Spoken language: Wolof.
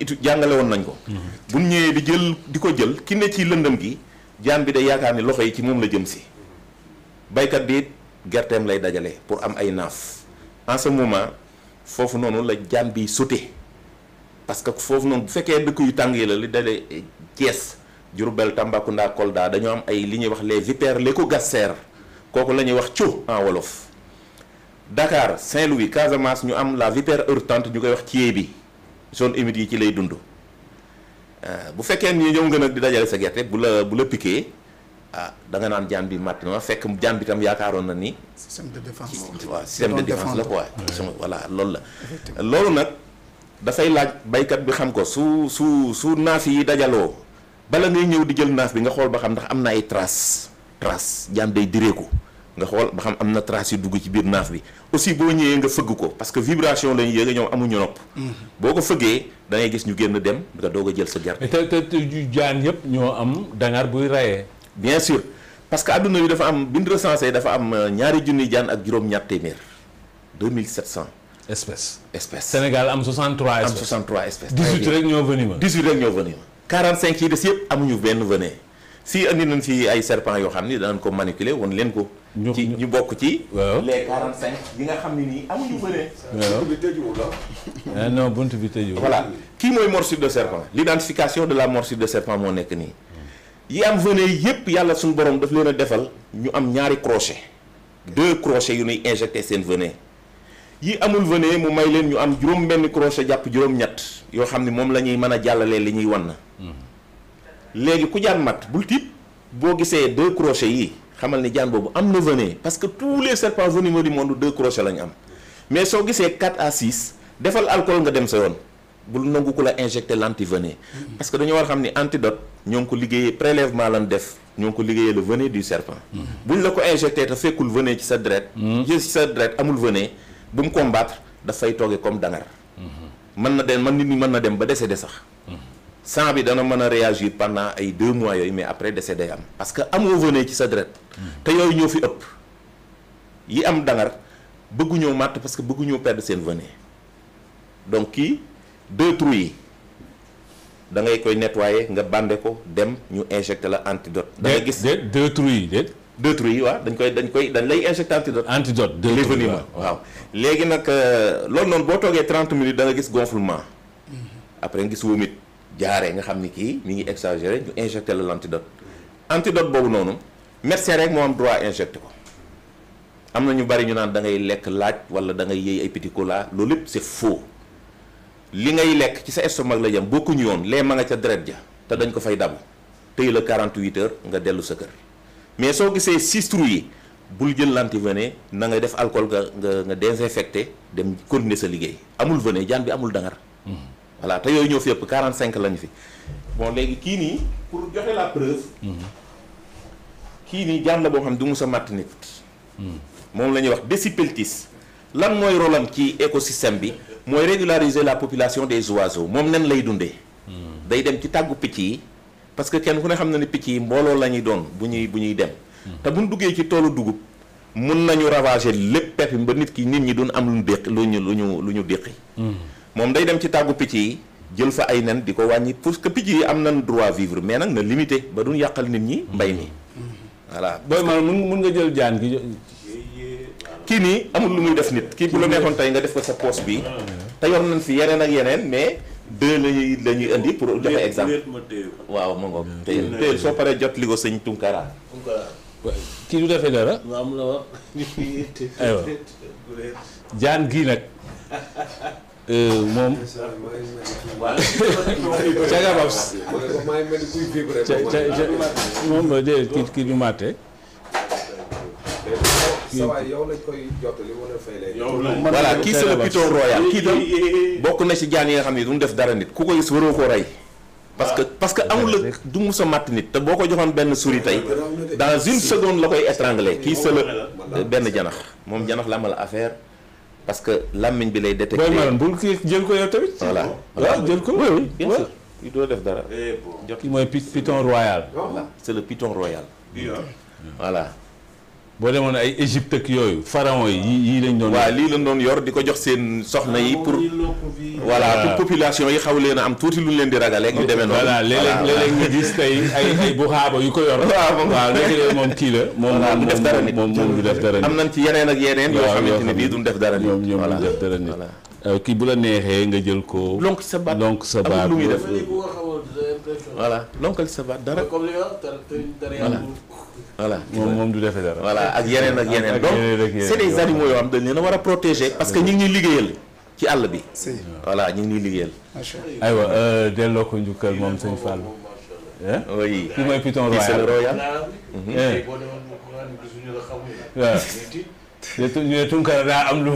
itu jàngale woon nañ ko mhm. bu ñëwee di jël di ko jël ki ne ci lëndëm gi jaam bi day yaakaar ni loxo yi ci moom la jëm si baykat bi it gerteem lay dajale pour am ay naaf en ce moment foofu noonu la jaam bi sauté parce que foofu noonu bu fekkee dëkk yu tàng yi la li dale Thiès Diourbel Tambacounda Kolda dañoo am ay li ñuy wax les vipères l'écho-gassère kooku la ñuy wax co en wolof Dakar Saint-Louis Casamance ñu am la vipère heurtante ñu koy wax cie bi zone humide yi ci lay dund euh, bu fekkee ni ñëw nga nag di dajale sa gerte bu la bu la piqué ah da nga naan jaan bi màtt na fekk jaan bi tam yaakaaroon na ni. système de défense waaw système de défense la quoi. voilà loolu la. loolu nag dafay laaj baykat bi xam ko su su su naaf yi dajaloo bala ngay ñëw di jël naaf bi nga xool ba xam ndax am na ay trace trace jaan day direeku nga xool ba xam am na trace yu dugg ci biir naaf bi aussi boo ñëwee nga fëgg ko parce que vibration lañu yëge ñoom amuñu nopp. Mhm. boo ko fëggee da ngay gis ñu génn dem nga doog a jël sa gerte. te te te jaan yëpp ñoo am dangar buy rayee. bien sûr parce que adduna bi dafa am bind ñu recensé dafa am euh, ñaari junni jaan ak juróom-ñaar téeméer 2700. espèces espèces. Sénégal am 63 espèces am 63 espèces. 18 rek ñoo venimeux. 18 rek ñoo venimeux. 45 yi des yëpp amuñu benn venin. si andi nañ fi ay serpent yo xamni ni danañ ko manipuler won len ko. ci ñu bok ci. les 45 yi nga xamni ni amu amuñu bëre. bunt bi tëjuwul la. Ah. Ah non buntu bi tëjuwul. voilà ki moy morsure de serpent l'identification de la morsure de serpent mo nek ni yi am venin yépp yalla suñu borom daf leena a defal ñu am ñaari crochet deux crochets yu nuy injecter sen venin yi amul venin mu may leen ñu am juroom benn crochet japp juroom ñatt yo xamni mom lañuy mëna jallalé li ñuy wan léegi ku jaan mat bul tiit bo gisee deux crochets yi xamal ni jaan bobu am na venin parce que tous les serpents venimeux du monde deux crochets lañ am mais soo gisee 4 à 6 defal alcool nga dem sa yoon bul nangu ku la l'anti l'antivenin parce que dañu war xam ni antidote ñoo ngi ko liggéey prélèvement lañ def ñoo ngi ko liggéeyee le venin du serpent buñ la ko injecté te fekkul venin ci sa deret ci sa deret amul venin bu mu combattre dafay toogee comme dangar mhm. mën na dem man nit ñi mën na dem ba décédé sax mhm. sang bi dana mën a réagir pendant ay deux mois yooyu mais après décès day am parce que amoo vene ci sa deret te yooyu ñoo fi yi am dangar bëgguñoo màtt parce que bëgguñoo perdre seen vene donc kii deux trous yi da ngay koy nettoyer nga ko dem ñu injecté la antidote da ngay gis deux trous yi déet deux trous yi waaw dañ koy dañ koy dañ lay injecté antidote antidote de l'événement waaw léegi nag euh, loolu noonu boo toogee 30 minutes da nga gis gonflement mm-hmm. après nga gis womit jaaree nga xam ni mi ngi exagéré ñu injecté la l' antidote antidote boobu noonu médecin rek moo am droit injecté ko am ñu bari ñu naan da ngay lekk laaj wala da ngay yëy ay petit cola loolu lépp faux li ngay lekk ci sa estomac la yoon ma nga ca ja te dañ ko fay dabu tey la 48 heures nga dellu sa kër mais soo gisee cistru yi bul jël na nga def alcool nga nga nga dem continuer sa liggéey amul venin jaan bi amul dangar hmm. voilà te yooyu ñëw fi yëpp 45 lañu fi bon léegi kii nii pour joxe la preuve. kii nii jaan la boo xam ne du mus a màtt nit. moom la ñuy wax décipeltis lan mooy rôle am ci écosystème bi mooy régulariser la population des oiseaux moom nen lay dundee. day dem ci tàggu picc yi parce que kenn ku ne xam na ne picc yi mbooloo la ñuy doon bu ñuy bu ñuy dem. te bu duggee ci toolu dugub mun nañu ravager lépp pepp ba nit ki nit ñi duñ am lu ñu déq ñu lu ñu lu ñu déqi moom day dem ci tàggu Jelfa ainan jël fa ay nen di ko wàññi que picc am nañ droit vivre mais nag na limité ba duñ yàqal nit ñi mbay mi voilà booy maanaam mun nga jël jaan gi kii amul lu muy def nit kii bu la neexoon tey nga def ko sa poche bi te yor nañ fi yeneen ak yeneen mais deux lañuy la ñuy pour joxe exemple waaw jot Tunkara du dara jaan moom Thiaga Babs moom de kii kii du maate voilà kii c'est le python royal kii tam bokk na ci jaan yi nga xam ne du mu def dara nit ku ko gis waroo koo rey parce que parce que amul la du mus a nit te boo ko joxoon benn souris tey dans une seconde la koy étrangler kii c'est benn janax moom janax la amal affaire parce que làmmiñ bi lay détecté. booy maanaam bul jël ko yow tamit. voilà waaw jël ko. oui oui il doit def dara. Eh kii moy python royal. voilà c'est le python royal. voilà. boo demoon ay Égypte ak yooyu pharaon yi yii lañ doon. waaw lii lañ doon yor di ko jox seen soxna yi pour. voilà pour population yi xaw leen am tuuti luñ leen di ragaleeg. ñu demee noonu voilà léeg-léeg léeg-léeg nga ay ay buxaaba yu ko yor. waaw waaw léegi moom kii la. moom du def dara nit moom def dara nit. am nañ ci yeneen ak yeneen. yoo xamante ne bii duñ def dara nit. ñoom ñoom duñ def dara nit. Euh, kii bu la neexee nga jël ko. lonk sa baat lonk sa baat. lu muy def voilà l'oncle ça va dara comme li nga voilà moom moom du defee dara. voilà ak yenen ak yenen donc c'est des animaux yo am dañ leen a protéger parce que ñu ngi ñuy ci àll bi. voilà ñu ngi ñuy liggéeyal. macha allah aywa euh, delloo ko njukkal moom sëñ Fall. Eh? oui kii mooy python royal. ko eh. waaw. ñu ne Tunkara da am lu.